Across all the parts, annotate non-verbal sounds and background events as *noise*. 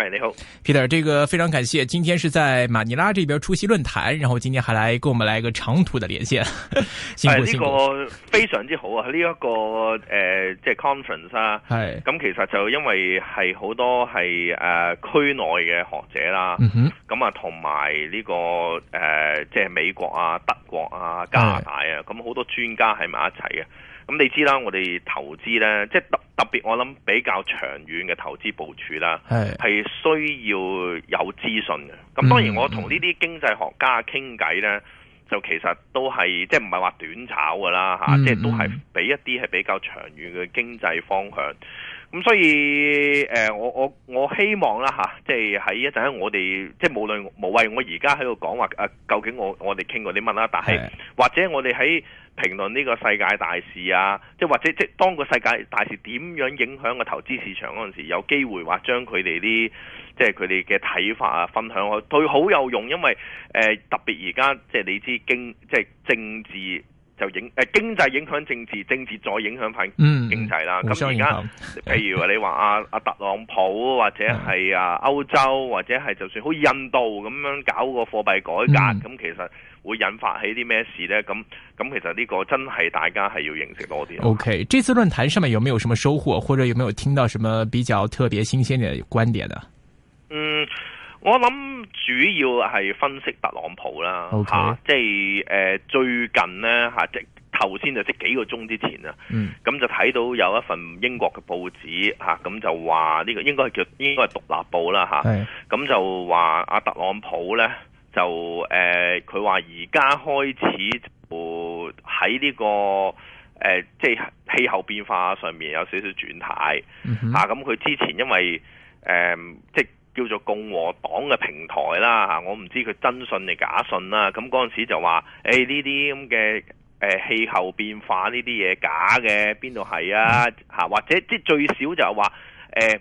係、hey, 你好，Peter，這個非常感謝，今天是在馬尼拉這邊出席論壇，然後今天還來跟我們來一個長途的連線，辛 *laughs* 苦辛苦。呢個非常之好啊，呢、這、一個誒，即、呃、係、就是、conference 啊，係、hey. 咁其實就因為係好多係誒區內嘅學者啦，咁啊同埋呢個誒即係美國啊、德國啊、加拿大啊，咁、hey. 好多專家喺埋一齊嘅、啊。咁你知啦，我哋投資咧，即係特特別，我諗比較長遠嘅投資部署啦，係係需要有資訊嘅。咁當然我同呢啲經濟學家傾偈咧，就其實都係即係唔係話短炒㗎啦吓，即係都係俾一啲係比較長遠嘅經濟方向。咁所以，誒，我我我希望啦，吓，即係喺一陣間，我哋即係無論無謂我而家喺度講話啊，究竟我我哋傾過啲乜啦？但係或者我哋喺評論呢個世界大事啊，即係或者即係當個世界大事點樣影響個投資市場嗰陣時，有機會話將佢哋啲即係佢哋嘅睇法啊分享去對好有用，因為誒特別而家即係你知經即係政治。就影誒經濟影響政治，政治再影響返經濟啦。互、嗯、相影響。 *laughs* 咁而家，譬如你話阿阿特朗普或者係啊歐、嗯、洲或者係就算好似印度咁樣搞個貨幣改革，咁、嗯、其實會引發起啲咩事咧？咁咁其實呢個真係大家係要認識多啲。O、okay, K，這次論壇上面有冇有什麼收穫，或者有沒有聽到什麼比較特別新鮮嘅觀點啊？嗯。我諗主要係分析特朗普啦，吓、okay. 啊，即係誒、呃、最近咧吓、啊，即頭先就即幾個鐘之前啦，咁、mm. 就睇到有一份英國嘅報紙吓，咁、啊、就話呢個應該係叫應該係獨立報啦吓，咁、啊 mm-hmm. 啊、就話阿、啊、特朗普咧就誒佢話而家開始就喺呢、呢個誒、呃、即係氣候變化上面有少少轉態，吓咁佢之前因為誒、呃、即叫做共和黨嘅平台啦嚇，我唔知佢真信定假信啦。咁嗰陣時就話，誒呢啲咁嘅誒氣候變化呢啲嘢假嘅，邊度係啊嚇？或者即係最少就係話誒，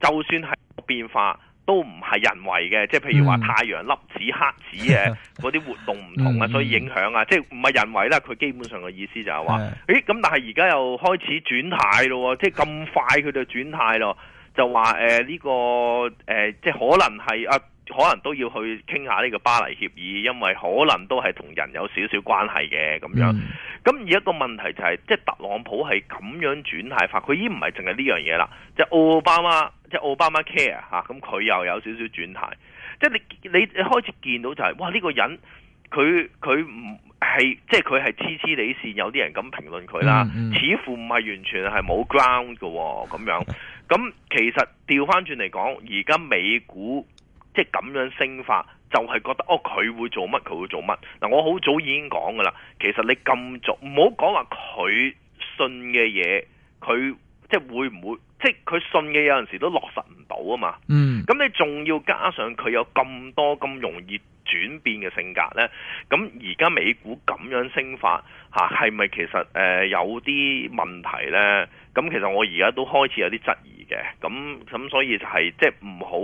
就算係變化都唔係人為嘅。即譬如話太陽粒子黑子嘅嗰啲活動唔同啊、嗯，所以影響啊、嗯嗯，即唔係人為啦。佢基本上嘅意思就係話，誒、嗯、咁，但係而家又開始轉態咯，即咁快佢就轉態咯。就話，誒呢個誒、呃、即係可能係啊，可能都要去傾下呢個巴黎協議，因為可能都係同人有少少關係嘅咁樣。咁、嗯、而一個問題就係、是，即係特朗普係咁樣轉態法，佢已經唔係淨係呢樣嘢啦。即係奧巴馬，即係奧巴馬 care 吓、啊，咁佢又有少少轉態。即係你你開始見到就係、是，哇呢、這個人佢佢唔係即係佢係黐黐哋線，有啲人咁評論佢啦，似乎唔係完全係冇 ground 嘅咁樣。 *laughs* 咁其實調翻轉嚟講，而家美股即係咁樣升法，就係覺得哦，佢會做乜佢會做乜嗱？我好早已經講噶啦，其實你咁做，唔好講話佢信嘅嘢，佢即係會唔會即係佢信嘅有陣時都落實唔到啊嘛。嗯。咁你仲要加上佢有咁多咁容易轉變嘅性格咧，咁而家美股咁樣升法嚇，係咪其實誒有啲問題咧？咁其實我而家都開始有啲質疑。咁咁所以就係、是、即係唔好，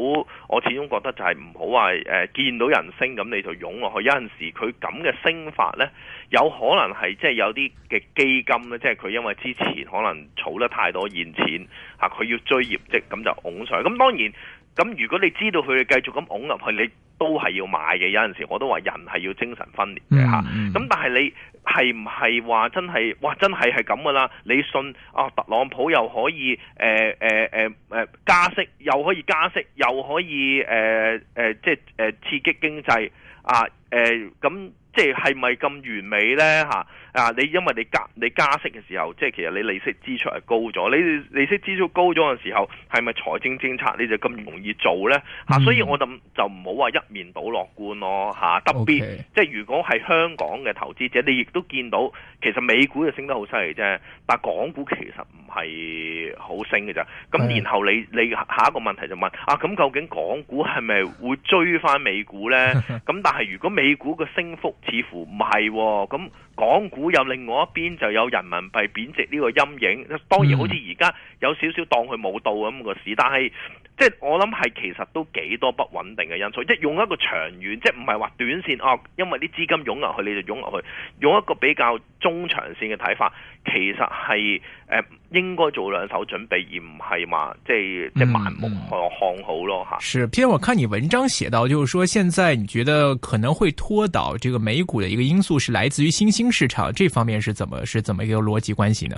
我始終覺得就係唔好話誒、呃、見到人升咁你就湧落去。有陣時佢咁嘅升法呢，有可能係即係有啲嘅基金咧，即係佢因為之前可能儲得太多現錢嚇，佢、啊、要追業績，咁就擁上去。咁當然，咁如果你知道佢繼續咁擁入去，你都係要買嘅。有陣時我都話人係要精神分裂嘅嚇。咁、啊、但係你。係唔係話真係哇？真係係咁噶啦！你信啊、哦？特朗普又可以誒誒誒誒加息，又可以加息，又可以誒誒、呃呃、即係誒、呃、刺激經濟啊？誒、呃、咁即係咪咁完美咧吓？啊！你因為你加你加息嘅時候，即係其實你利息支出係高咗。你利息支出高咗嘅時候，係咪財政政策你就咁容易做呢？嗯、所以我就就唔好話一面倒樂觀咯。嚇、啊！特別、okay. 即係如果係香港嘅投資者，你亦都見到其實美股就升得好犀利啫，但港股其實唔係好升嘅咋。咁然後你、哎、你下一個問題就問：啊，咁究竟港股係咪會追翻美股呢？咁但係如果美股嘅升幅似乎唔係咁。港股有另外一邊就有人民幣貶值呢個陰影，當然好似而家有少少當佢冇到咁個市，但係。即係我諗係，其實都幾多不穩定嘅因素。即係用一個長遠，即係唔係話短線哦、啊。因為啲資金湧入去，你就湧入去。用一個比較中長線嘅睇法，其實係誒、呃、應該做兩手準備，而唔係話即係即係盲目看看好咯吓。是，譬如我看你文章寫到，就是說現在你覺得可能會拖倒這個美股的一個因素，是來自於新興市場，這方面是怎麼，是怎麼一個邏輯關係呢？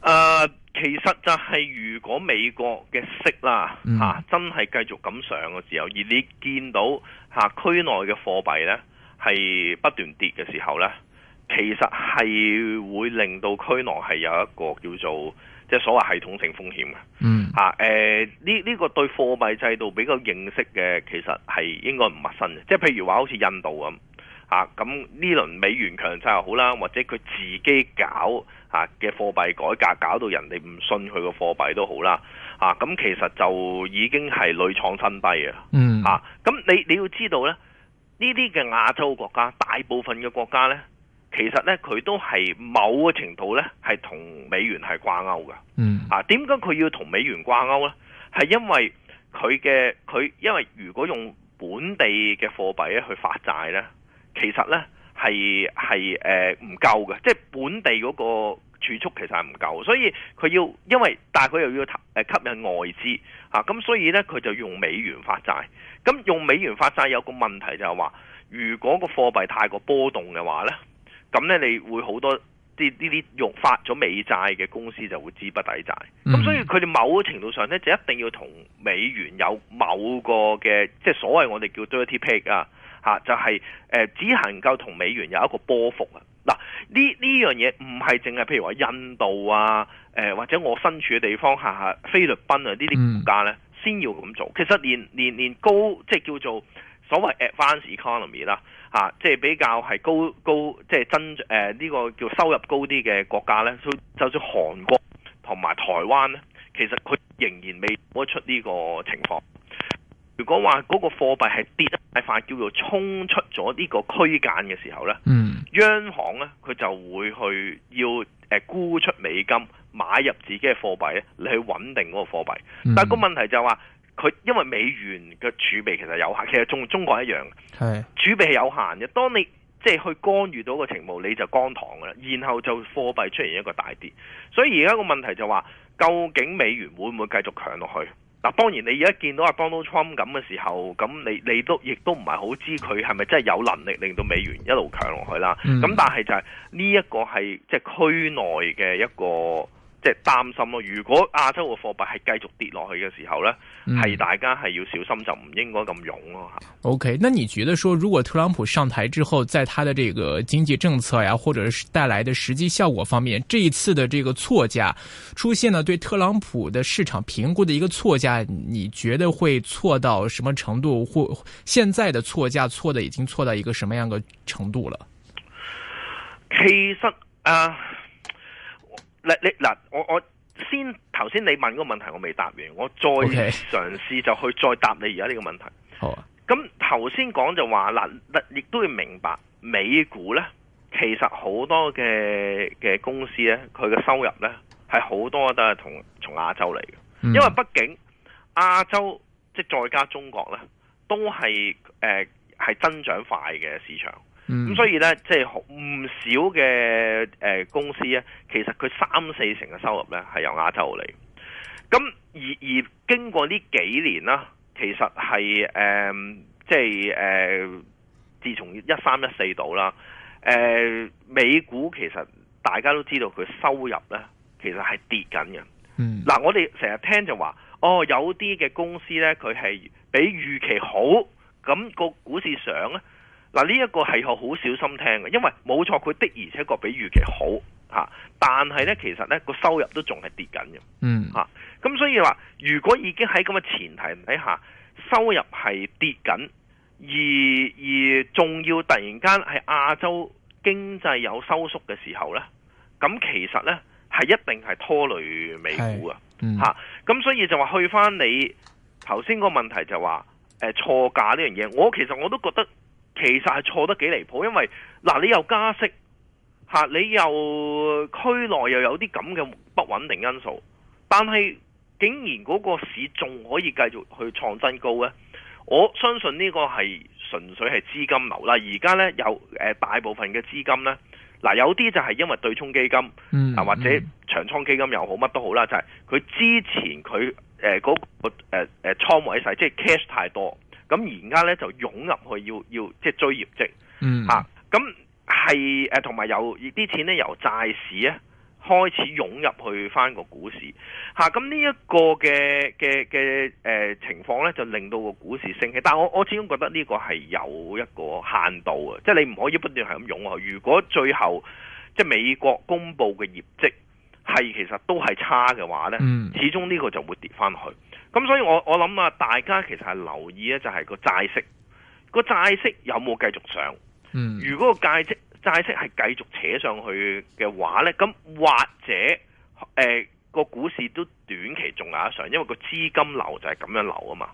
誒、呃。其實就係，如果美國嘅息啦嚇，真係繼續咁上嘅時候，而你見到嚇區內嘅貨幣呢係不斷跌嘅時候呢，其實係會令到區內係有一個叫做即係所謂系統性風險嘅嚇，誒。呢、嗯、呢個對貨幣制度比較認識嘅，其實係應該唔陌生嘅。即係譬如話好似印度咁嚇，咁呢輪美元強勢又好啦，或者佢自己搞。啊嘅貨幣改革搞到人哋唔信佢個貨幣都好啦，啊咁、啊、其實就已經係屢創新低、mm. 啊，嗯，啊咁你你要知道咧，呢啲嘅亞洲國家大部分嘅國家咧，其實咧佢都係某個程度咧係同美元係掛鈎嘅。嗯、mm. 啊，啊點解佢要同美元掛鈎咧？係因為佢嘅佢因為如果用本地嘅貨幣咧去發債咧，其實咧。係係誒唔夠嘅，即係本地嗰個儲蓄其實係唔夠的，所以佢要因為但係佢又要吸引外資嚇，咁、啊、所以呢，佢就用美元發債。咁用美元發債有一個問題就係話，如果個貨幣太過波動嘅話呢，咁咧你會好多啲呢啲用發咗美債嘅公司就會資不抵債。咁、嗯、所以佢哋某程度上呢，就一定要同美元有某個嘅即係所謂我哋叫 dirty peg 啊。嚇、啊、就係、是、誒、呃、只能夠同美元有一個波幅啊！嗱，呢呢樣嘢唔係淨係譬如話印度啊、誒、呃、或者我身處嘅地方下下、啊、菲律賓啊呢啲國家咧，先要咁做。其實連連連連高即係叫做所謂 advanced economy 啦、啊、嚇，即係比較係高高即係增誒呢、呃這個叫收入高啲嘅國家咧，都就算韓國同埋台灣咧，其實佢仍然未冇得出呢個情況。如果話嗰個貨幣係跌得太快，叫做衝出咗呢個區間嘅時候咧、嗯，央行呢，佢就會去要誒沽出美金，買入自己嘅貨幣咧，你去穩定嗰個貨幣。但係個問題就係、是、話，佢因為美元嘅儲備其實有限，其實同中國一樣，儲備係有限嘅。當你即係去干預到嘅情況，你就乾塘㗎喇，然後就貨幣出現一個大跌。所以而家個問題就係、是、話，究竟美元會唔會繼續強落去？嗱，當然你而家見到阿 Donald Trump 咁嘅時候，咁你你都亦都唔係好知佢係咪真係有能力令到美元一路強落去啦。咁、嗯、但係就係、是、呢、這個就是、一個係即係區內嘅一個。即係擔心咯，如果亞洲嘅貨幣係繼續跌落去嘅時候呢係、嗯、大家係要小心就不，就唔應該咁勇咯 OK，那你覺得說，如果特朗普上台之後，在他的這個經濟政策呀、啊，或者是帶來的實際效果方面，這一次的這個錯價出現了對特朗普的市場評估的一個錯價，你覺得會錯到什麼程度？或現在的錯價錯的已經錯到一個什麼樣個程度了？其實誒。呃嗱你嗱我我先頭先你問嗰個問題我未答完，我再嘗試就去再答你而家呢個問題。好、okay. 啊。咁頭先講就話嗱，亦都要明白美股咧，其實好多嘅嘅公司咧，佢嘅收入咧係好多都係同從亞洲嚟嘅，因為畢竟亞洲即係再加中國咧，都係誒係增長快嘅市場。咁、嗯、所以咧，即係唔少嘅誒公司咧，其實佢三四成嘅收入咧係由亞洲嚟。咁而而經過呢幾年啦，其實係誒、呃、即係誒、呃，自從一三一四到啦，誒、呃、美股其實大家都知道佢收入咧，其實係跌緊嘅。嗯，嗱、啊，我哋成日聽就話，哦，有啲嘅公司咧，佢係比預期好，咁、嗰個股市上咧。嗱，呢一個係我好小心聽嘅，因為冇錯佢的而且確比預期好吓，但係呢，其實呢個收入都仲係跌緊嘅，嗯吓，咁、啊、所以話如果已經喺咁嘅前提底下，收入係跌緊，而而仲要突然間係亞洲經濟有收縮嘅時候呢，咁其實呢係一定係拖累美股嘅，吓，咁、嗯啊、所以就話去翻你頭先嗰個問題就話，誒、呃、錯價呢樣嘢，我其實我都覺得。其實係錯得幾離譜，因為嗱、啊、你又加息吓、啊，你又區內又有啲咁嘅不穩定因素，但係竟然嗰個市仲可以繼續去創新高呢？我相信呢個係純粹係資金流啦。嗱，而家呢，有誒、呃、大部分嘅資金呢，嗱、啊、有啲就係因為對沖基金啊、嗯嗯、或者長倉基金又好乜都好啦，就係、是、佢之前佢誒嗰個誒誒、呃呃、倉位細，即、就、係、是、cash 太多。咁而家咧就湧入去要，要要即係追業績。咁係同埋有啲錢咧由債市啊開始湧入去翻個股市，咁呢一個嘅嘅嘅情況咧，就令到個股市升起。但我我始終覺得呢個係有一個限度啊，即係你唔可以不斷係咁湧啊。如果最後即美國公布嘅業績係其實都係差嘅話咧、嗯，始終呢個就會跌翻去。咁所以，我我諗啊，大家其實係留意咧，就係個債息，個債息有冇繼續上？嗯，如果個債息債息係繼續扯上去嘅話咧，咁或者誒、呃個股市都短期仲有一上，因為個資金流就係咁樣流啊嘛。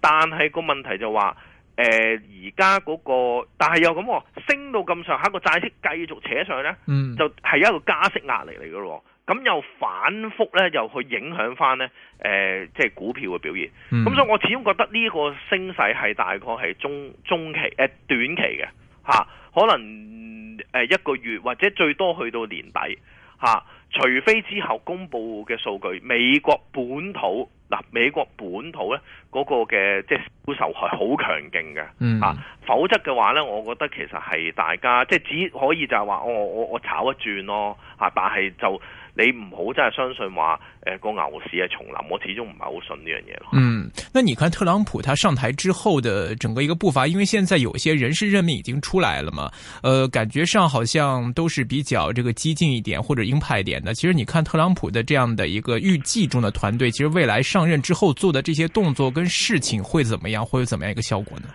但係個問題就話誒而家嗰個，但係又咁喎，升到咁上下，個債息繼續扯上咧、嗯，就係一個加息壓力嚟嘅咯。咁又反覆咧，又去影響翻咧、呃，即係股票嘅表現。咁、嗯、所以我始終覺得呢個升勢係大概係中中期、呃、短期嘅、啊、可能、呃、一個月或者最多去到年底、啊、除非之後公布嘅數據，美國本土嗱、啊、美國本土咧嗰個嘅即係銷售係好強勁嘅、啊嗯、否則嘅話咧，我覺得其實係大家即係只可以就係話、哦、我我我炒一轉咯，但係就你唔好真係相信話，誒個牛市係重臨，我始終唔係好信呢樣嘢。嗯，那你看特朗普他上台之後的整個一個步伐，因為現在有些人事任命已經出來了嘛，呃，感覺上好像都是比較這個激進一點或者鷹派一點的。其實你看特朗普的這樣的一個預計中的團隊，其實未來上任之後做的這些動作跟事情會怎麼樣，會有怎麼樣一個效果呢？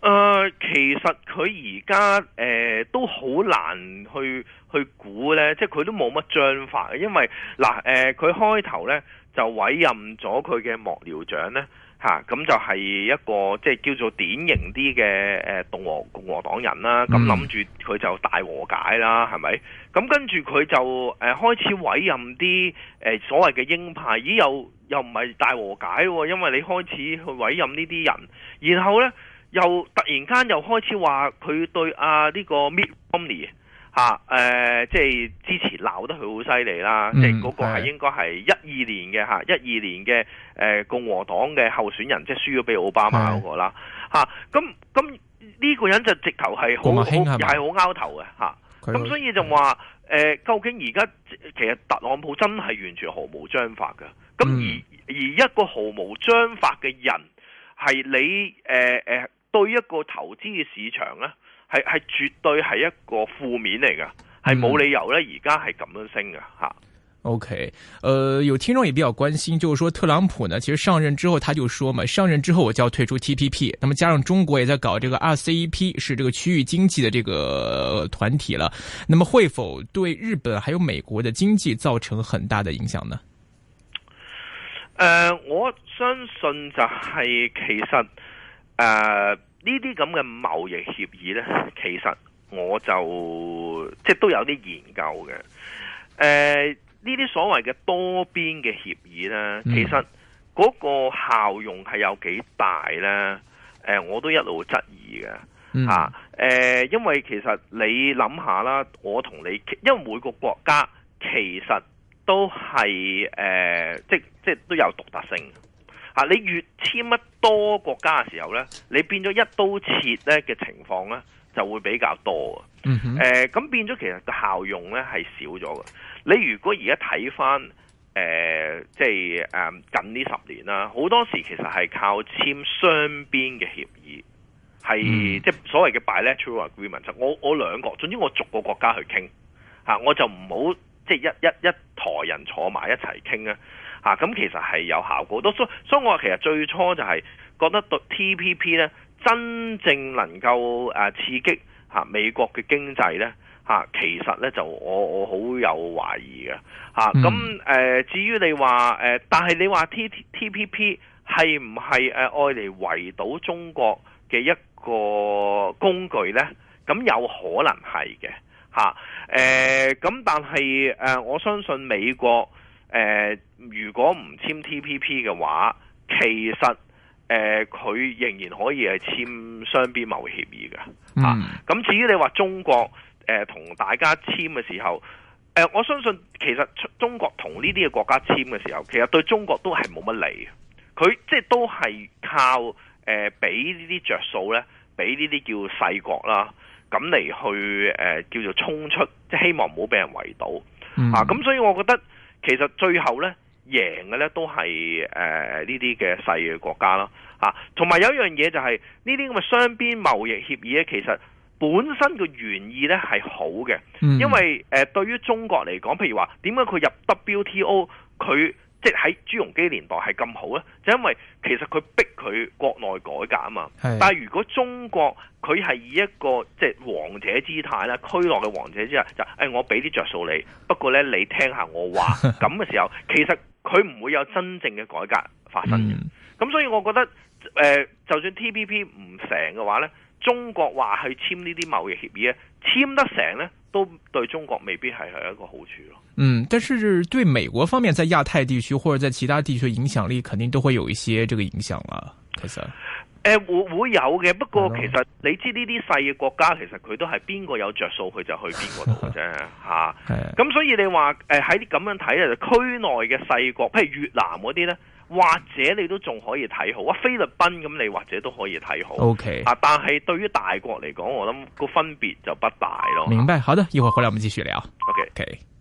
誒、呃，其實佢而家誒都好難去去估呢，即係佢都冇乜章法，因為嗱誒，佢開頭呢就委任咗佢嘅幕僚長呢，咁、啊、就係一個即係叫做典型啲嘅、呃、共和共和黨人啦，咁諗住佢就大和解啦，係咪？咁跟住佢就誒、呃、開始委任啲、呃、所謂嘅鷹派，咦又又唔係大和解喎、啊，因為你開始去委任呢啲人，然後呢。又突然間又開始話佢對啊呢、這個 Mitt Romney 吓、啊，誒、呃，即係之前鬧得佢好犀利啦，即係嗰個係應該係一二年嘅吓，一、啊、二年嘅誒、呃、共和黨嘅候選人，即係輸咗俾奧巴馬嗰個啦吓。咁咁呢個人就直頭係好係好拗頭嘅吓。咁、啊、所以就話誒、呃，究竟而家其實特朗普真係完全毫無章法嘅。咁而、嗯、而一個毫無章法嘅人你，係你誒誒。呃對一個投資的市場咧，係係絕對係一個負面嚟嘅，係、嗯、冇理由咧而家係咁樣升嘅吓。啊、OK，呃有聽眾也比較關心，就是說特朗普呢，其實上任之後，他就說嘛，上任之後我就要退出 T P P。那麼加上中國也在搞這個 R C E P，是這個區域經濟的這個團體了。那麼會否對日本還有美國的經濟造成很大的影響呢？誒、呃，我相信就係其實。誒、呃，這些這樣的協呢啲咁嘅貿易協議呢，其實我就即係都有啲研究嘅。誒、呃，這些謂呢啲所謂嘅多邊嘅協議呢，其實嗰個效用係有幾大呢？誒、呃，我都一路質疑嘅吓。誒、嗯啊呃，因為其實你諗下啦，我同你，因為每個國家其實都係誒、呃，即係即都有獨特性。嚇，你越簽得多國家嘅時候咧，你變咗一刀切咧嘅情況咧就會比較多嘅。誒、嗯、咁、呃、變咗其實個效用咧係少咗嘅。你如果而家睇翻誒即係誒近呢十年啦，好多時其實係靠簽雙邊嘅協議，係、嗯、即係所謂嘅 bilateral agreement 我。我我兩個，總之我逐個國家去傾嚇，我就唔好即係一一一台人坐埋一齊傾啊！咁其實係有效果，都所所以，我其實最初就係覺得對 TPP 咧，真正能夠刺激美國嘅經濟咧，其實咧就我我好有懷疑嘅咁、嗯、至於你話但係你話 T TPP 係唔係誒愛嚟圍堵中國嘅一個工具咧？咁有可能係嘅咁但係我相信美國。誒、呃，如果唔簽 TPP 嘅話，其實誒佢、呃、仍然可以係簽雙邊貿協議噶、嗯。啊，咁至於你話中國誒、呃、同大家簽嘅時候，誒、呃、我相信其實中國同呢啲嘅國家簽嘅時候，其實對中國都係冇乜利。佢即係都係靠誒俾、呃、呢啲着數咧，俾呢啲叫細國啦，咁嚟去誒、呃、叫做衝出，即係希望唔好俾人圍堵、嗯。啊，咁所以我覺得。其實最後咧贏嘅咧都係誒呢啲嘅細嘅國家啦，嚇、啊。同埋有一樣嘢就係呢啲咁嘅雙邊貿易協議咧，其實本身個原意咧係好嘅、嗯，因為誒、呃、對於中國嚟講，譬如話點解佢入 WTO 佢？即喺朱鎔基年代係咁好咧，就因為其實佢逼佢國內改革啊嘛。但係如果中國佢係以一個即係、就是、王者姿態啦，驅落嘅王者姿態，就誒、欸、我俾啲着數你，不過咧你聽下我話，咁 *laughs* 嘅時候，其實佢唔會有真正嘅改革發生嘅。咁、嗯、所以我覺得誒、呃、就算 T P P 唔成嘅話咧。中國話去簽呢啲貿易協議咧，簽得成咧，都對中國未必係係一個好處咯。嗯，但是對美國方面，在亞太地區或者在其他地區的影響力，肯定都會有一些這個影響啦。誒、呃，會會有嘅，不過其實你知呢啲細嘅國家，oh. 其實佢都係邊個有着數，佢就去邊個度啫。吓、 *laughs* 啊，咁所以你話誒喺咁樣睇咧，就區內嘅細國，譬如越南嗰啲咧。或者你都仲可以睇好啊，菲律賓，咁你或者都可以睇好。O K 啊，但係對於大國嚟講，我諗個分別就不大咯。明白，好的，一會回來我們繼續聊。O K O K。